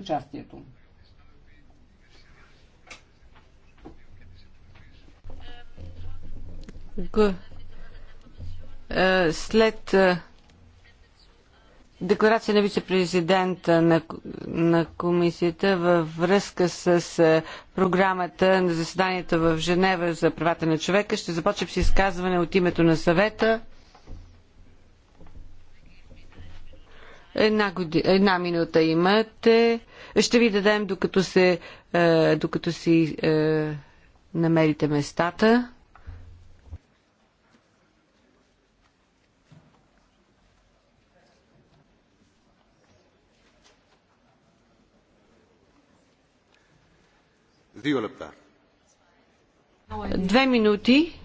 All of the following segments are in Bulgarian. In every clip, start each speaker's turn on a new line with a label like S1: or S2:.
S1: участието. Е, след е, декларация на вице-президента на, на комисията във връзка с е, програмата на заседанието в Женева за правата на човека ще започнем с изказване от името на съвета. Една, годи... Една минута имате. Ще ви дадем докато, се, е, докато си е, намерите местата. Две минути.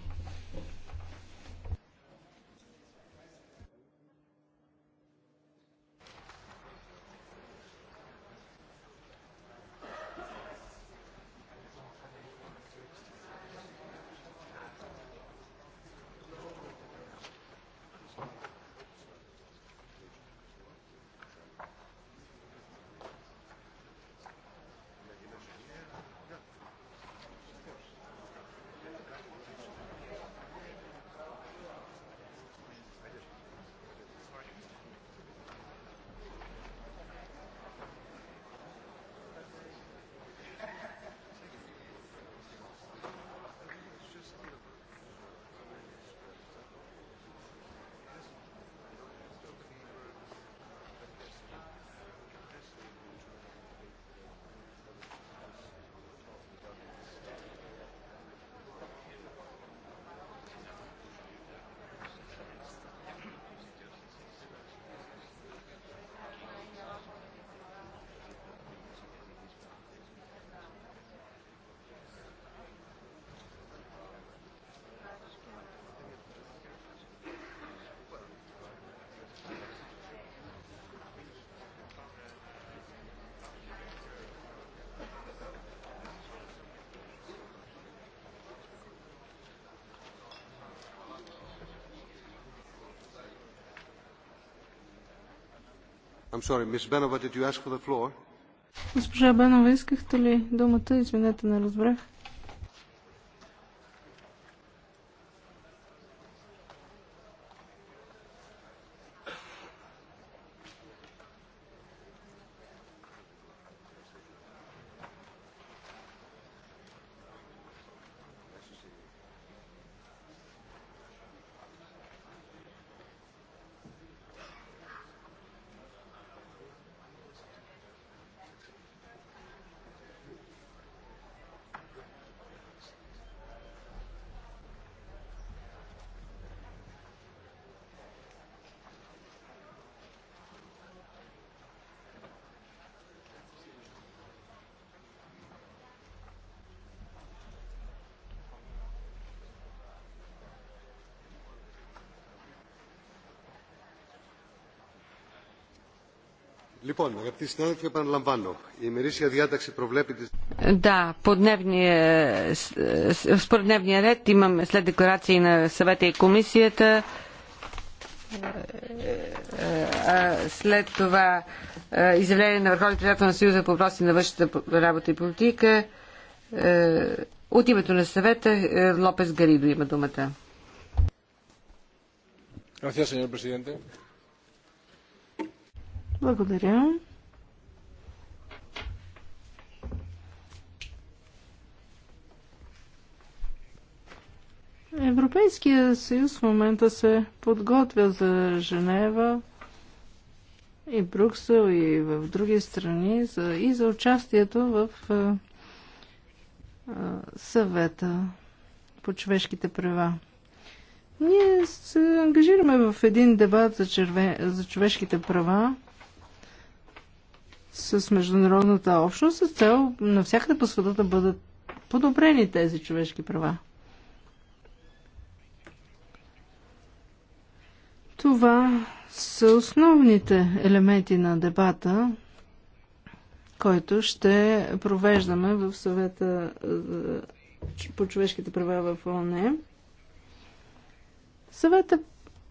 S2: Sorry, Benova,
S3: Госпожа Бенова, искахте ли думата? Извинете, не разбрах.
S1: според дневния ред имаме след декларации на съвета и комисията.
S4: Е, е,
S1: е, след това изявление на Върховния председател на Съюза по въпроси на външната работа и политика. От името на съвета Лопес Гаридо има думата.
S3: Gracias, señor presidente. Благодаря. Европейския съюз в момента се подготвя за Женева и Брюксел и в други страни за, и за участието в а, е, е, съвета по човешките права. Ние се ангажираме в един дебат за, черве, за човешките права с международната общност с цел навсякъде по света да бъдат подобрени тези човешки права. Това са основните елементи на дебата, който ще провеждаме в съвета е, по човешките права в ООН. Съвета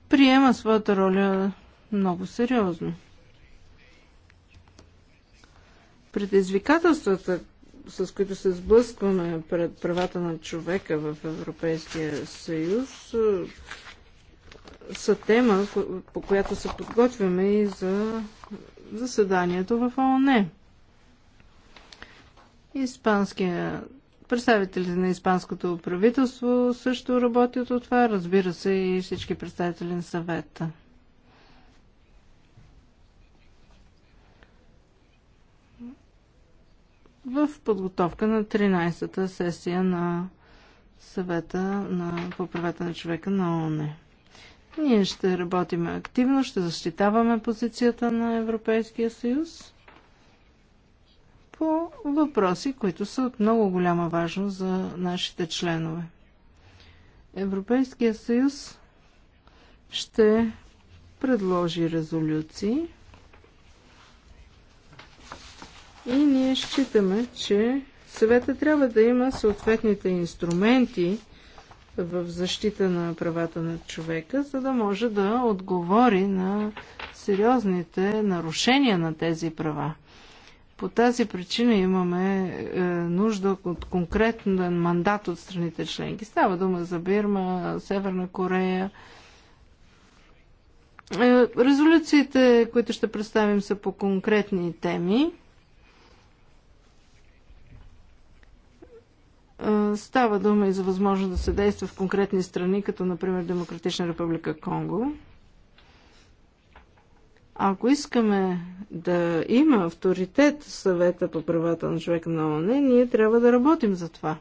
S3: приема своята роля много сериозно. Предизвикателствата, с които се сблъскваме пред правата на човека в Европейския съюз, са тема, по която се подготвяме и за заседанието в ООН. Испанския представители на испанското правителство също работят от това, разбира се и всички представители на съвета. в подготовка на 13-та сесия на съвета на, по правата на човека на ООН. Ние ще работим активно, ще защитаваме позицията на Европейския съюз по въпроси, които са от много голяма важност за нашите членове. Европейския съюз ще предложи резолюции и ние считаме, че съвета трябва да има съответните инструменти в защита на правата на човека, за да може да отговори на сериозните нарушения на тези права. По тази причина имаме е, нужда от конкретен мандат от страните членки. Става дума за Бирма, Северна Корея. Е, резолюциите, които ще представим, са по конкретни теми. Става дума и за възможност да се действа в конкретни страни, като например Демократична република Конго. Ако искаме да има авторитет в съвета по правата на човека на ООН, ние трябва да работим за това.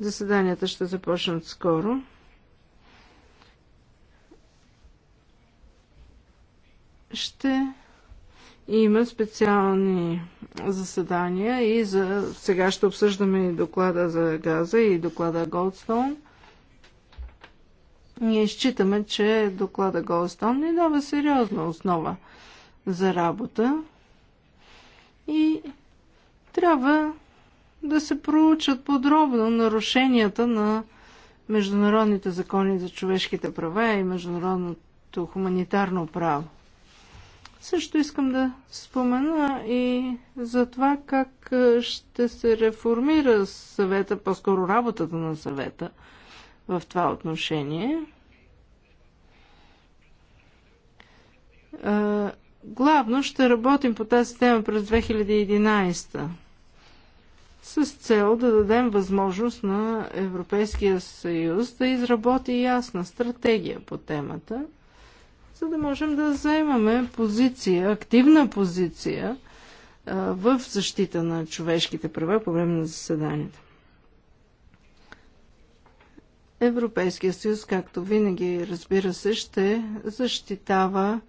S3: Заседанията ще започнат скоро. Ще има специални заседания и за... сега ще обсъждаме и доклада за газа и доклада Голдстоун. Ние считаме, че доклада Голдстоун ни дава сериозна основа за работа и трябва да се проучат подробно нарушенията на международните закони за човешките права и международното хуманитарно право. Също искам да спомена и за това как е, ще се реформира съвета, по-скоро работата на съвета в това отношение. Е, главно ще работим по тази тема през 2011 с цел да дадем възможност на Европейския съюз да изработи ясна стратегия по темата – за да можем да заемаме позиция, активна позиция в защита на човешките права по време на заседанията. Европейския съюз, както винаги, разбира се, ще защитава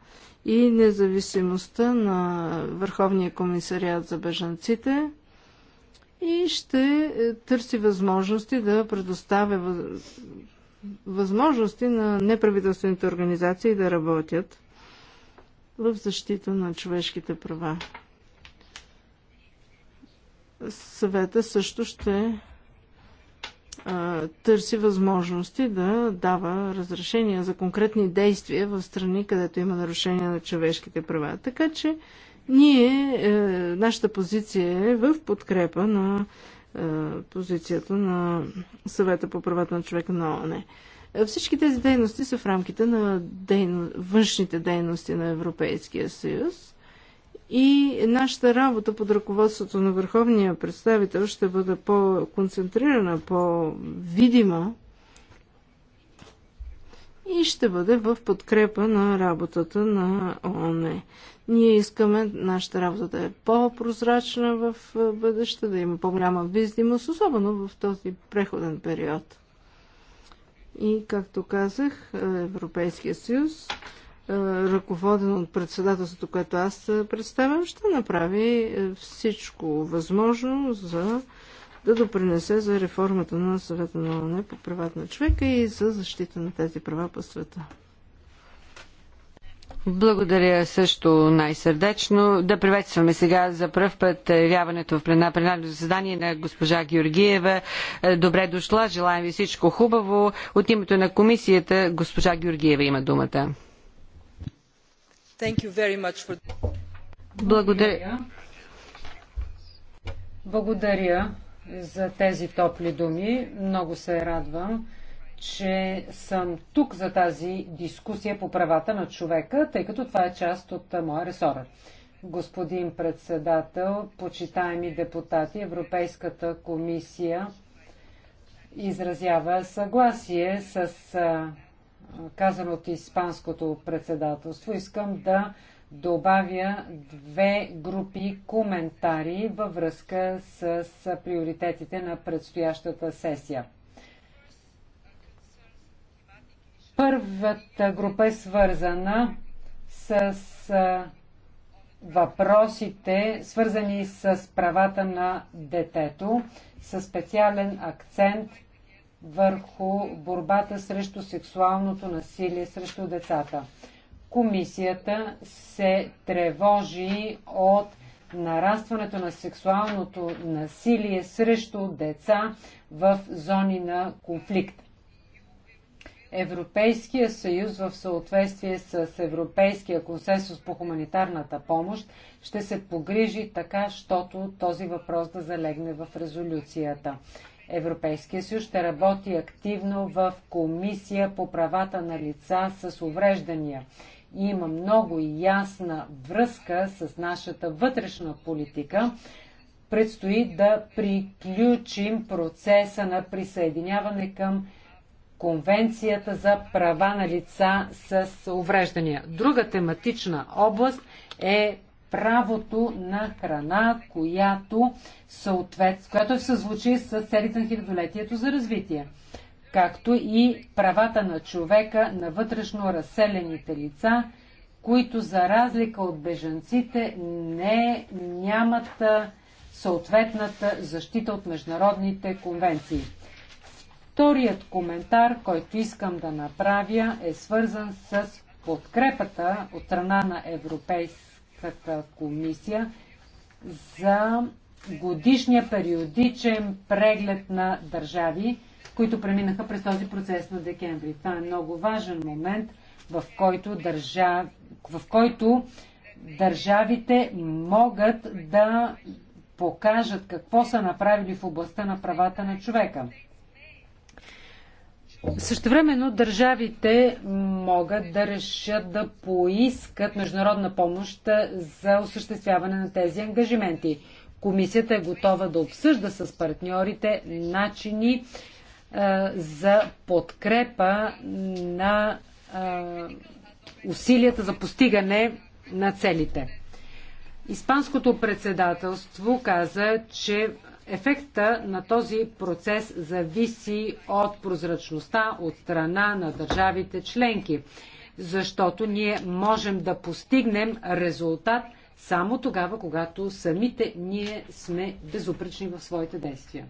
S3: и независимостта на Върховния комисариат за бежанците и ще е, търси възможности да предоставя възможности на неправителствените организации да работят в защита на човешките права. Съвета също ще а, търси възможности да дава разрешения за конкретни действия в страни, където има нарушения на човешките права. Така че ние, е, нашата позиция е в подкрепа на е, позицията на съвета по правата на човека на ООН. Е, всички тези дейности са в рамките на дейно... външните дейности на Европейския съюз и нашата работа под ръководството на върховния представител ще бъде по-концентрирана, по-видима и ще бъде в подкрепа на работата на ООН. Ние искаме нашата работа да е по-прозрачна в е, бъдеще, да има по-голяма видимост, особено в този преходен период. И, както казах, е, Европейския съюз, е, ръководен от председателството, което аз представям, ще направи всичко възможно за да допринесе за реформата на съвета на ОНЕ по правата на човека и за защита на тези права по света.
S1: Благодаря също най-сърдечно. Да приветстваме сега за първ път явяването в плена, пленарно заседание на госпожа Георгиева. Е, добре дошла, желаем ви всичко хубаво. От името на комисията госпожа Георгиева има
S4: думата.
S3: For...
S4: Благодаря. Благодаря за тези топли думи. Много се радвам, че съм тук за тази дискусия по правата на човека, тъй като това е част от моя ресора. Господин председател, почитаеми депутати, Европейската комисия изразява съгласие с казано от Испанското председателство. Искам да добавя две групи коментари във връзка с приоритетите на предстоящата сесия. Първата група е свързана с въпросите, свързани с правата на детето, със специален акцент върху борбата срещу сексуалното насилие срещу децата комисията се тревожи от нарастването на сексуалното насилие срещу деца в зони на конфликт. Европейския съюз в съответствие с Европейския консенсус по хуманитарната помощ ще се погрижи така, щото този въпрос да залегне в резолюцията. Европейския съюз ще работи активно в Комисия по правата на лица с увреждания има много ясна връзка с нашата вътрешна политика. Предстои да приключим процеса на присъединяване към Конвенцията за права на лица с увреждания. Друга тематична област е правото на храна, която, съответ, която е в съзвучие с целите на хилядолетието за развитие както и правата на човека на вътрешно разселените лица, които за разлика от бежанците не нямат съответната защита от международните конвенции. Вторият коментар, който искам да направя, е свързан с подкрепата от страна на Европейската комисия за годишния периодичен преглед на държави, които преминаха през този процес на декември. Това е много важен момент, в който, държав... в който държавите могат да покажат какво са направили в областта на правата на човека. Също времено държавите могат да решат да поискат международна помощ за осъществяване на тези ангажименти. Комисията е готова да обсъжда с партньорите начини за подкрепа на усилията за постигане на целите. Испанското председателство каза, че ефекта на този процес зависи от прозрачността от страна на държавите членки, защото ние можем да постигнем резултат само тогава, когато самите ние сме безупречни в своите действия.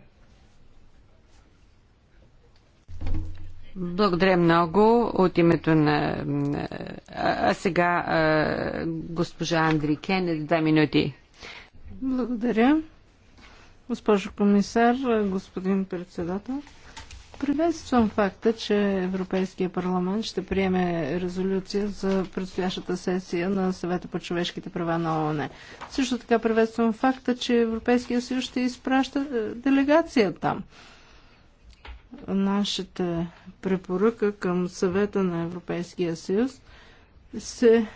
S1: Благодаря много от името на... А сега госпожа Андри Кенед, две минути.
S3: Благодаря. Госпожо комисар, господин председател, приветствам факта, че Европейския парламент ще приеме резолюция за предстоящата сесия на съвета по човешките права на ООН. Също така приветствам факта, че Европейския съюз ще изпраща е, делегация там нашата препоръка към съвета на Европейския съюз се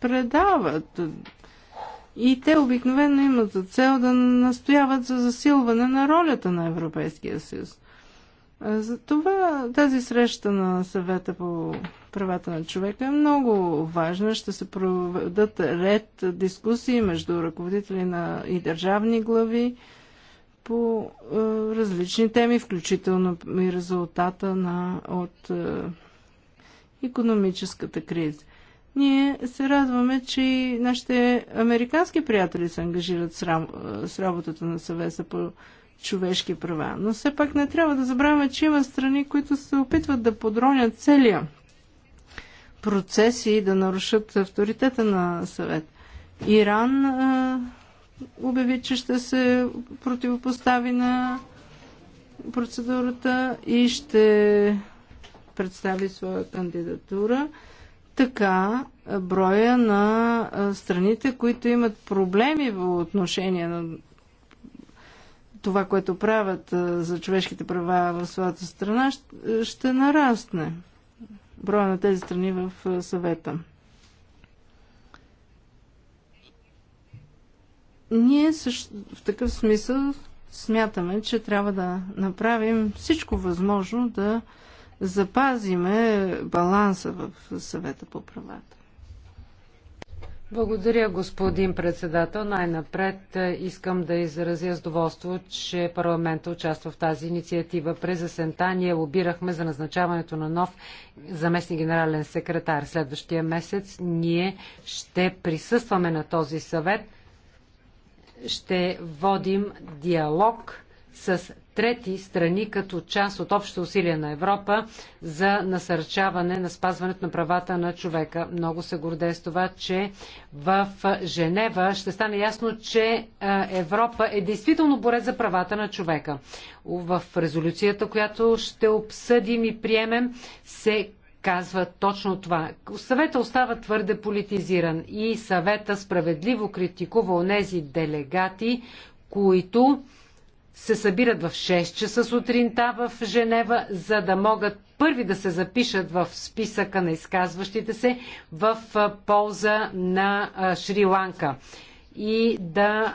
S3: предават. И те обикновено имат за цел да настояват за засилване на ролята на Европейския съюз. Затова тази среща на съвета по правата на човека е много важна. Ще се проведат ред дискусии между ръководители на и държавни глави, по е, различни теми, включително и резултата на, от е, економическата криза. Ние се радваме, че и нашите американски приятели се ангажират с, рам, е, с работата на съвеса по човешки права. Но все пак не трябва да забравяме, че има страни, които се опитват да подронят целия процес и да нарушат авторитета на съвет. Иран е, обяви, че ще се противопостави на процедурата и ще представи своя кандидатура. Така, броя на страните, които имат проблеми в отношение на това, което правят за човешките права в своята страна, ще нарасне. Броя на тези страни в съвета. Ние също, в такъв смисъл смятаме, че трябва да направим всичко възможно да запазиме баланса в съвета по правата.
S4: Благодаря, господин председател. Най-напред е, искам да изразя задоволство, че парламента участва в тази инициатива. През есента ние лобирахме за назначаването на нов заместник генерален секретар. Следващия месец ние ще присъстваме на този съвет – ще водим диалог с трети страни като част от общите усилия на Европа за насърчаване на спазването на правата на човека. Много се горде с това, че в Женева ще стане ясно, че Европа е действително борец за правата на човека. В резолюцията, която ще обсъдим и приемем, се казва точно това. Съвета остава твърде политизиран и съвета справедливо критикува онези делегати, които се събират в 6 часа сутринта в Женева, за да могат първи да се запишат в списъка на изказващите се в полза на Шри-Ланка и да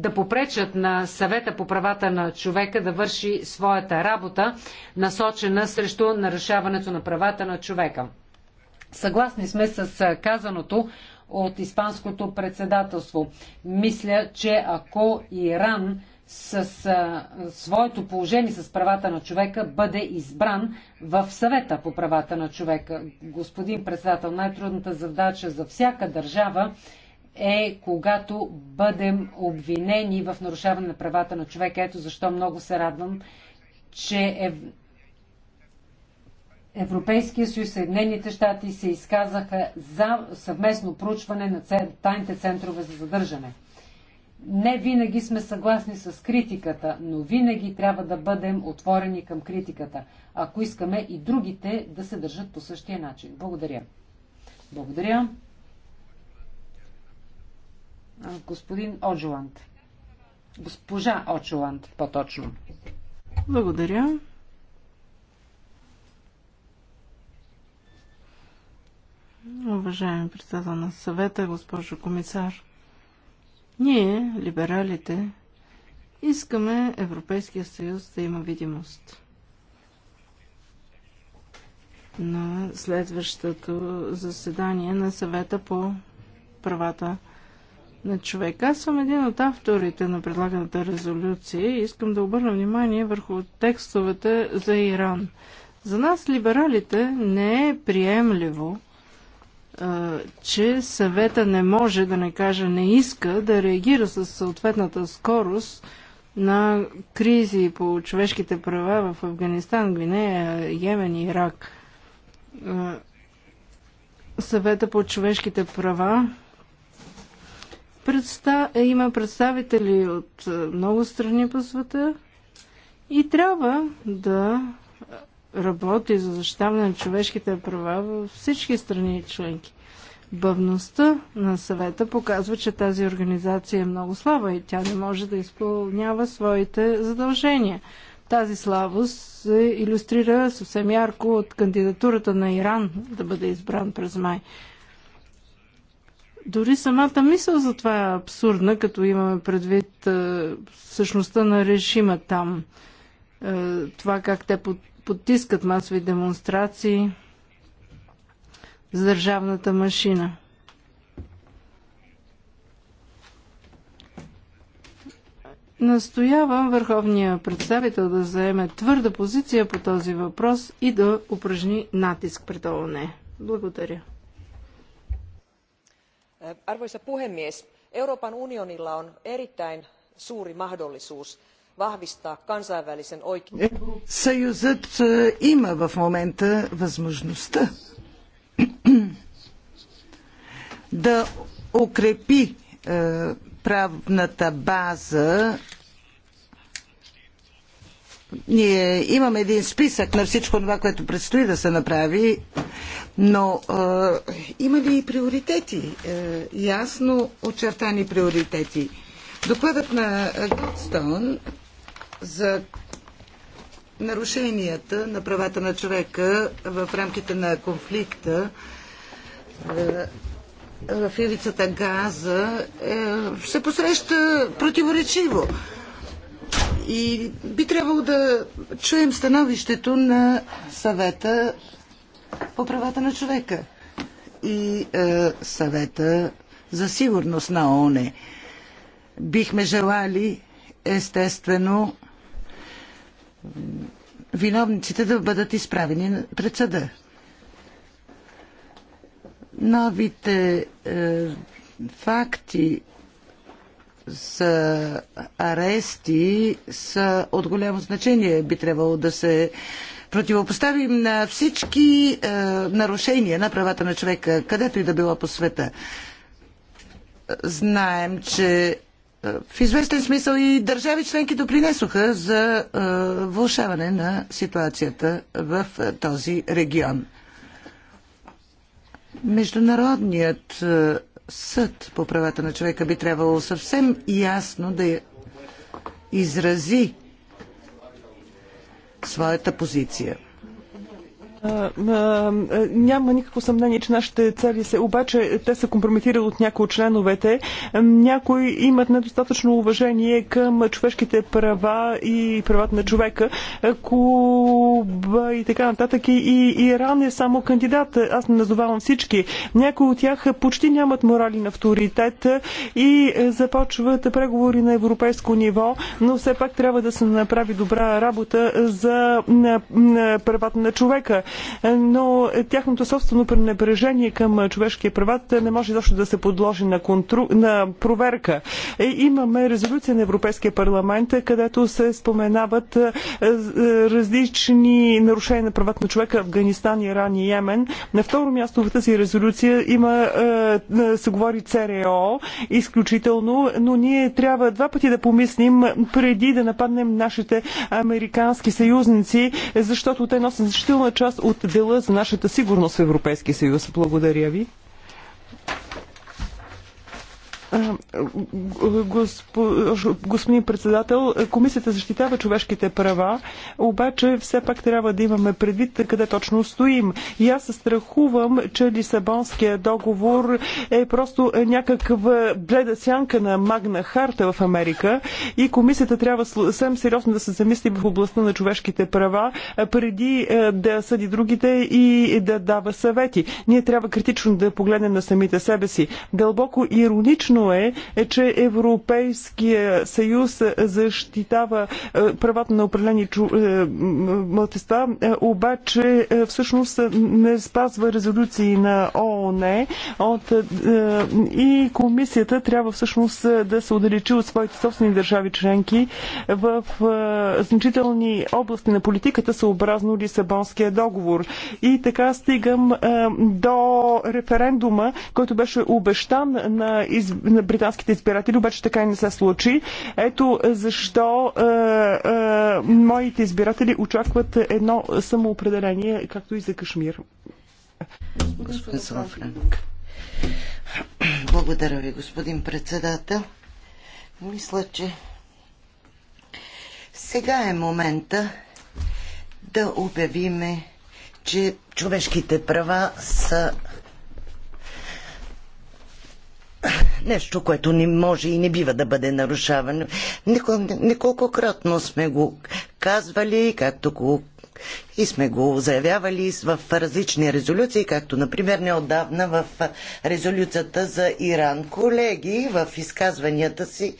S4: да попречат на съвета по правата на човека да върши своята работа, насочена срещу нарушаването на правата на човека. Съгласни сме с казаното от Испанското председателство. Мисля, че ако Иран с а, своето положение с правата на човека бъде избран в съвета по правата на човека. Господин председател, най-трудната задача за всяка държава е когато бъдем обвинени в нарушаване на правата на човека. Ето защо много се радвам, че ев... Европейския съюз, Съединените щати се изказаха за съвместно проучване на тайните центрове за задържане. Не винаги сме съгласни с критиката, но винаги трябва да бъдем отворени към критиката, ако искаме и другите да се държат по същия начин. Благодаря. Благодаря господин Оджоланд. Госпожа Очоланд, по-точно.
S3: Благодаря. Уважаеми председател на съвета, госпожо комисар, ние, либералите, искаме Европейския съюз да има видимост. На следващото заседание на съвета по правата на на човека. Аз съм един от авторите на предлаганата резолюция и искам да обърна внимание върху текстовете за Иран. За нас, либералите, не е приемливо, че съвета не може, да не кажа не иска, да реагира с съответната скорост на кризи по човешките права в Афганистан, Гвинея, Йемен и Ирак. Съвета по човешките права Предста... Има представители от е, много страни по света и трябва да работи за защитаване на човешките права във всички страни членки. Бъвността на съвета показва, че тази организация е много слаба и тя не може да изпълнява своите задължения. Тази слабост се иллюстрира съвсем ярко от кандидатурата на Иран да бъде избран през май. Дори самата мисъл за това е абсурдна, като имаме предвид е, същността на режима там. Е, това как те потискат масови демонстрации с държавната машина. Настоявам върховния представител да заеме твърда позиция по този въпрос и да упражни натиск пред ООН.
S1: Благодаря arvoisa puhemies euroopan unionilla on erittäin suuri mahdollisuus vahvistaa kansainvälisen oikeuden.
S5: Ние имаме един списък на всичко това, което предстои да се направи, но е, има ли и приоритети? Е, ясно очертани приоритети. Докладът на Годстоун за нарушенията на правата на човека в рамките на конфликта е, в ивицата Газа е, се посреща противоречиво. И би трябвало да чуем становището на съвета по правата на човека и е, съвета за сигурност на ОНЕ. Бихме желали, естествено, виновниците да бъдат изправени пред съда. Новите е, факти за арести са от голямо значение. Би трябвало да се противопоставим на всички е, нарушения на правата на човека, където и да било по света. Знаем, че е, в известен смисъл и държави членки допринесоха за е, влушаване на ситуацията в е, този регион. Международният е, съд по правата на човека би трябвало съвсем ясно да изрази своята позиция.
S2: Няма никакво съмнение, че нашите цели се, обаче те се компрометират от някои от членовете. Някои имат недостатъчно уважение към човешките права и правата на човека. Куба и така нататък. И, и Иран е само кандидат. Аз не назовавам всички. Някои от тях почти нямат морален авторитет и започват преговори на европейско ниво, но все пак трябва да се направи добра работа за правата на човека но тяхното собствено пренебрежение към човешкия права не може изобщо да се подложи на, контру... на проверка. Е, имаме резолюция на Европейския парламент, където се споменават е, различни нарушения на правата на човека Афганистан, Иран и Йемен. На второ място в тази резолюция има е, се говори ЦРО изключително, но ние трябва два пъти да помислим преди да нападнем нашите американски съюзници, защото те носят значителна част от дела за нашата сигурност в Европейския съюз. Благодаря ви господин председател, комисията защитава човешките права, обаче все пак трябва да имаме предвид къде точно стоим. И аз се страхувам, че Лисабонския договор е просто някаква бледа сянка на Магна Харта в Америка и комисията трябва съвсем сериозно да се замисли в областта на човешките права преди да съди другите и да дава съвети. Ние трябва критично да погледнем на самите себе си. Дълбоко иронично Ясно е, е че Европейския съюз защитава е, правата на определени чу... Е, мълтества, е, обаче всъщност не спазва резолюции на ООН от... и комисията трябва всъщност да се удалечи от своите собствени държави членки в значителни области на политиката съобразно Лисабонския договор. И така стигам до референдума, който беше обещан на, из на британските избиратели, обаче така и не се случи. Ето защо е, е, моите избиратели очакват едно самоопределение, както и за Кашмир.
S5: Господин Салафранк. Благодаря ви, господин председател. Мисля, че сега е момента да обявиме, че човешките права са нещо, което не може и не бива да бъде нарушавано. Неколкократно сме го казвали, както го и сме го заявявали в различни резолюции, както например неодавна в резолюцията за Иран. Колеги в изказванията си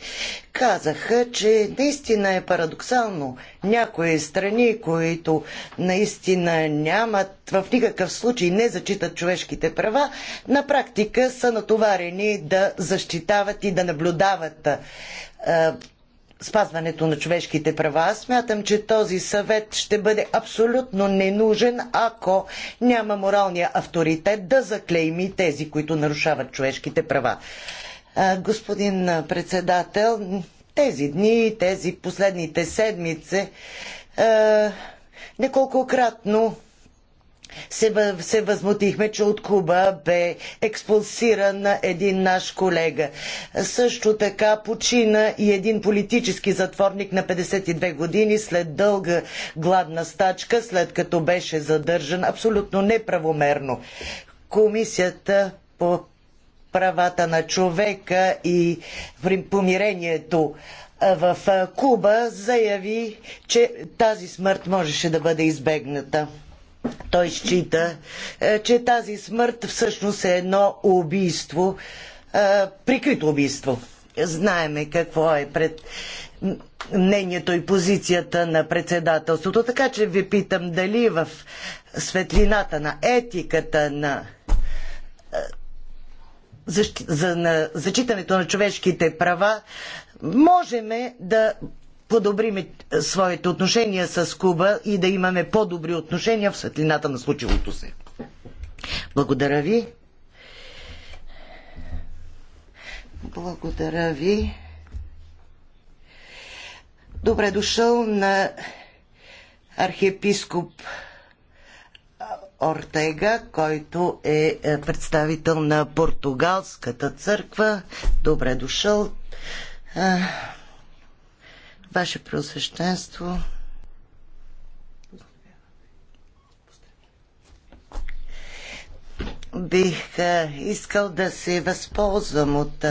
S5: казаха, че наистина е парадоксално някои страни, които наистина нямат в никакъв случай не зачитат човешките права, на практика са натоварени да защитават и да наблюдават спазването на човешките права. Аз смятам, че този съвет ще бъде абсолютно ненужен, ако няма моралния авторитет да заклейми тези, които нарушават човешките права. Господин председател, тези дни, тези последните седмици, неколкократно се, се възмутихме, че от Куба бе експулсиран един наш колега. Също така почина и един политически затворник на 52 години след дълга гладна стачка, след като беше задържан абсолютно неправомерно. Комисията по правата на човека и помирението в Куба заяви, че тази смърт можеше да бъде избегната. Той счита, е, че тази смърт всъщност е едно убийство, е, прикрито убийство. Знаеме какво е пред мнението и позицията на председателството. Така че ви питам дали в светлината на етиката на е, за, на зачитането на човешките права можем да подобрим е, своите отношения с Куба и да имаме по-добри отношения в светлината на случилото се. Благодаря ви. Благодаря ви. Добре дошъл на архиепископ Ортега, който е, е представител на португалската църква. Добре дошъл. Ваше Преосвещенство, бих искал да се възползвам от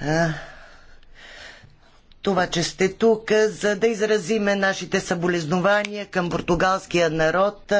S5: а, това, че сте тук, за да изразиме нашите съболезнования към португалския народ